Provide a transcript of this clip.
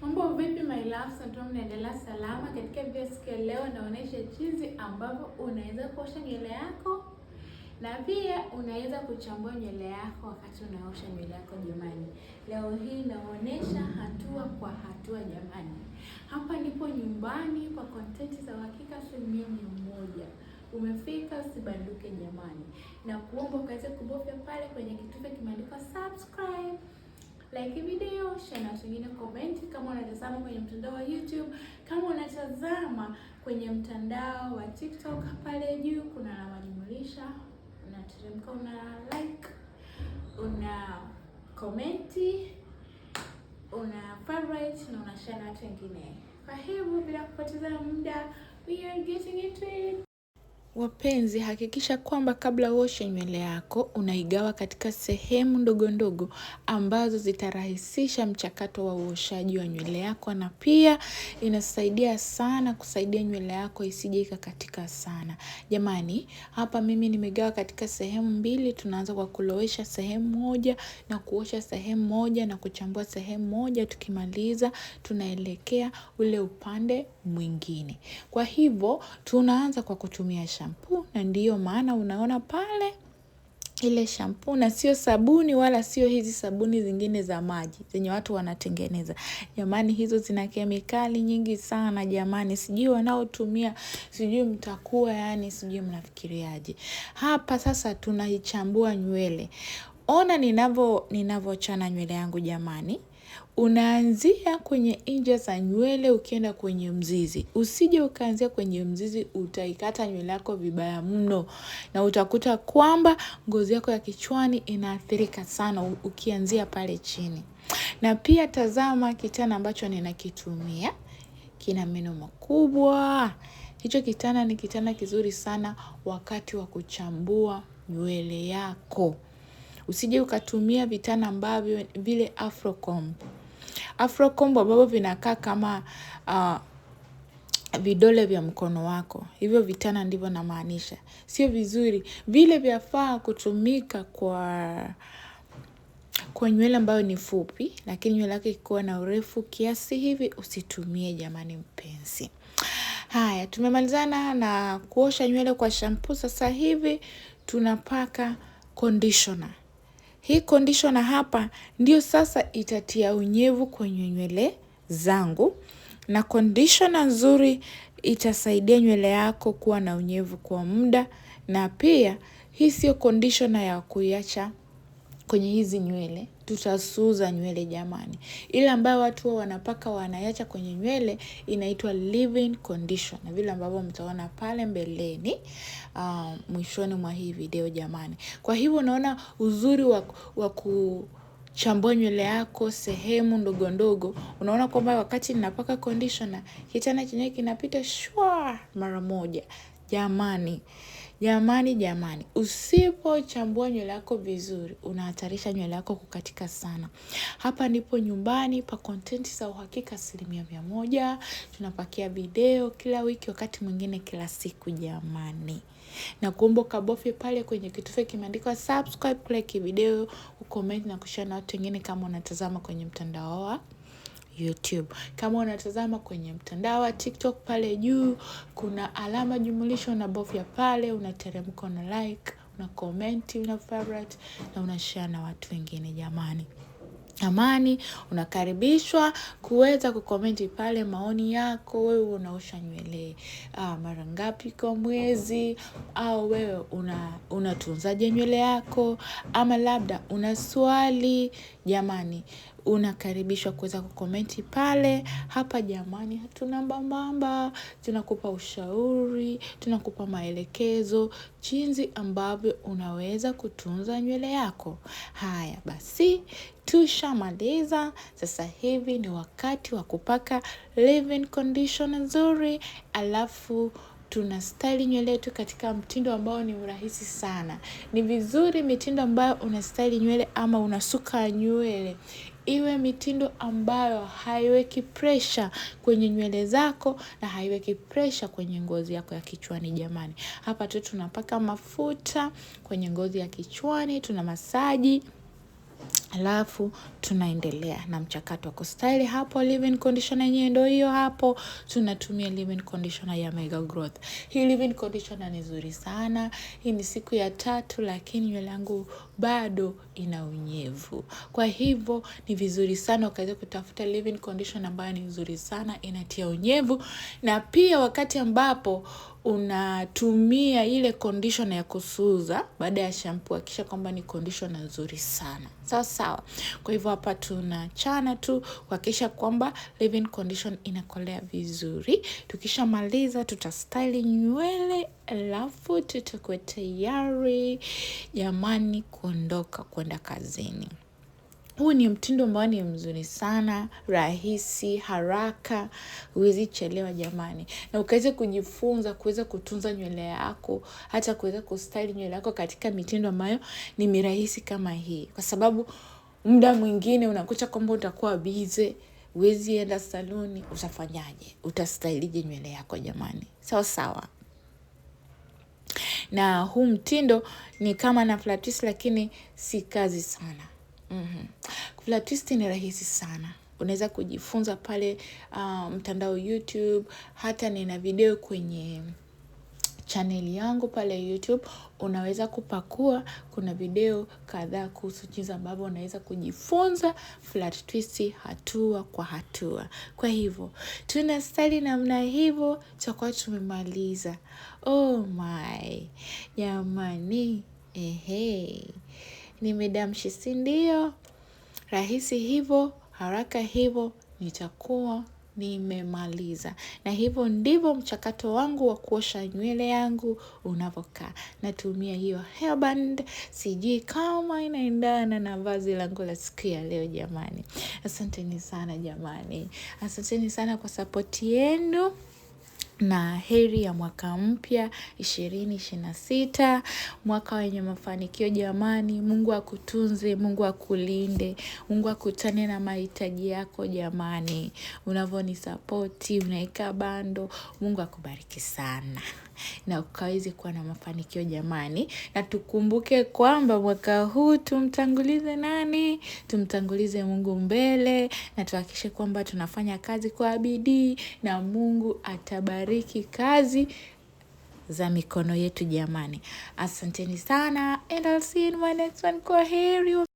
Mambo vipi my loves, natumai mnaendelea salama. Katika video siku ya leo naonesha jinsi ambavyo unaweza kuosha nywele yako na pia unaweza kuchambua nywele yako wakati unaosha nywele yako jamani. Leo hii naonesha hatua kwa hatua jamani. Hapa nipo nyumbani kwa content za uhakika asilimia mia moja. Umefika, usibanduke jamani, na kuomba ukaweze kubofya pale kwenye kitufe kimeandikwa subscribe, like video, share unapenda komenti, kama unatazama kwenye mtandao wa YouTube, kama unatazama kwenye mtandao wa TikTok, pale juu kuna alama jumlisha, unateremka, una like, una komenti, una favorite na una share na watu wengine. Kwa hivyo bila kupoteza muda, we are getting into it. Wapenzi, hakikisha kwamba kabla uoshe nywele yako unaigawa katika sehemu ndogo ndogo ambazo zitarahisisha mchakato wa uoshaji wa nywele yako, na pia inasaidia sana kusaidia nywele yako isije ikakatika sana. Jamani, hapa mimi nimegawa katika sehemu mbili. Tunaanza kwa kulowesha sehemu moja na kuosha sehemu moja na kuchambua sehemu moja. Tukimaliza tunaelekea ule upande mwingine. Kwa hivyo tunaanza kwa kutumia shamba shampoo na ndiyo maana unaona pale ile shampoo na sio sabuni wala sio hizi sabuni zingine za maji zenye watu wanatengeneza. Jamani hizo zina kemikali nyingi sana jamani. Sijui wanaotumia, sijui mtakuwa yani sijui mnafikiriaje. Hapa sasa tunaichambua nywele. Ona ninavyochana nywele yangu jamani. Unaanzia kwenye inja za nywele ukienda kwenye mzizi. Usije ukaanzia kwenye mzizi, utaikata nywele yako vibaya mno, na utakuta kwamba ngozi yako ya kichwani inaathirika sana ukianzia pale chini. Na pia tazama kitana ambacho ninakitumia, kina meno makubwa. Hicho kitana ni kitana kizuri sana wakati wa kuchambua nywele yako. Usije ukatumia vitana ambavyo vile Afrocomb. Afrocombo ambavyo vinakaa kama uh, vidole vya mkono wako, hivyo vitana ndivyo namaanisha. Sio vizuri vile, vyafaa kutumika kwa kwa nywele ambayo ni fupi, lakini nywele yake ikiwa na urefu kiasi hivi usitumie, jamani mpenzi. Haya, tumemalizana na kuosha nywele kwa shampoo. Sasa hivi tunapaka conditioner. Hii conditioner hapa ndio sasa itatia unyevu kwenye nywele zangu, na conditioner nzuri itasaidia nywele yako kuwa na unyevu kwa muda, na pia hii sio conditioner ya kuiacha kwenye hizi nywele, tutasuza nywele jamani. Ile ambayo watu wanapaka wanaacha kwenye nywele inaitwa leave-in conditioner, vile ambavyo mtaona pale mbeleni, uh, mwishoni mwa hii video jamani. Kwa hivyo unaona uzuri wa kuchambua nywele yako sehemu ndogo ndogo, unaona kwamba wakati ninapaka conditioner, kitana chenyewe kinapita shwa mara moja jamani. Jamani jamani, usipochambua nywele yako vizuri unahatarisha nywele yako kukatika sana. Hapa ndipo nyumbani pa kontenti za uhakika asilimia mia moja. Tunapakia video kila wiki, wakati mwingine kila siku. Jamani, na kuomba ukabofye pale kwenye kitufe kimeandikwa subscribe, like video, ucomment na kushare na watu wengine, kama unatazama kwenye mtandao wa YouTube. Kama unatazama kwenye mtandao wa TikTok, pale juu kuna alama jumulisho, unabofya pale, unateremka, na like, una komenti, una favorite na share na watu wengine. Jamani amani, unakaribishwa kuweza kukomenti pale maoni yako. Wewe unaosha nywele ah, mara ngapi kwa mwezi? Au wewe unatunzaje una nywele yako? Ama labda una swali jamani, unakaribishwa kuweza kukomenti pale. Hapa jamani, hatuna mbambamba, tunakupa ushauri, tunakupa maelekezo jinsi ambavyo unaweza kutunza nywele yako. Haya basi, tushamaliza. Sasa hivi ni wakati wa kupaka nzuri, alafu tuna staili nywele yetu katika mtindo ambao ni urahisi sana. Ni vizuri mitindo ambayo una nywele ama unasuka nywele iwe mitindo ambayo haiweki presha kwenye nywele zako na haiweki presha kwenye ngozi yako ya kichwani. Jamani, hapa tu tunapaka mafuta kwenye ngozi ya kichwani, tuna masaji. Alafu tunaendelea na mchakato wa kustyle hapo. Leave-in conditioner yenyewe ndio hiyo hapo, tunatumia leave-in conditioner ya Mega Growth. Hii leave-in conditioner ni nzuri sana. Hii ni siku ya tatu, lakini nywele yangu bado ina unyevu, kwa hivyo ni vizuri sana ukaweza kutafuta leave-in conditioner ambayo ni nzuri sana, inatia unyevu na pia wakati ambapo unatumia ile conditioner ya kusuza baada ya shampoo, hakikisha kwamba ni conditioner nzuri sana sawa sawa. Kwa hivyo hapa tunachana tu kuhakikisha kwamba leave-in condition inakolea vizuri. Tukishamaliza tutastyle nywele alafu tutakuwa tayari jamani, kuondoka kwenda kazini. Huu ni mtindo ambao ni mzuri sana, rahisi, haraka, huwezi chelewa jamani, na ukaweza kujifunza kuweza kutunza nywele yako, hata kuweza kustyle nywele yako katika mitindo ambayo ni mirahisi kama hii, kwa sababu muda mwingine unakuta kwamba utakuwa bize, huwezi enda saluni. Utafanyaje? Utastailije nywele yako jamani? sawa sawa na huu mtindo ni kama na lakini si kazi sana. Mm -hmm. Kula ni rahisi sana. Unaweza kujifunza pale uh, mtandao YouTube, hata nina video kwenye chaneli yangu pale YouTube unaweza kupakua. Kuna video kadhaa kuhusu jinsi ambavyo unaweza kujifunza flat twist hatua kwa hatua. Kwa hivyo tuna namna hivyo, tutakuwa tumemaliza. Oh my jamani, ehe nimedamshi, ndio rahisi hivyo, haraka hivyo, nitakuwa nimemaliza. Na hivyo ndivyo mchakato wangu wa kuosha nywele yangu unavyokaa. Natumia hiyo hairband, sijui kama inaendana na vazi langu la siku ya leo jamani. Asanteni sana jamani, asanteni sana kwa sapoti yenu na heri ya mwaka mpya ishirini ishirini na sita, mwaka wenye mafanikio jamani. Mungu akutunze, Mungu akulinde, Mungu akutane na mahitaji yako jamani, unavyonisapoti unaika bando. Mungu akubariki sana na ukaweze kuwa na mafanikio jamani, na tukumbuke kwamba mwaka huu tumtangulize nani? Tumtangulize Mungu mbele na tuhakikishe kwamba tunafanya kazi kwa bidii, na Mungu atabariki kazi za mikono yetu jamani. Asanteni sana and I'll see you in my next one. Kwa heri.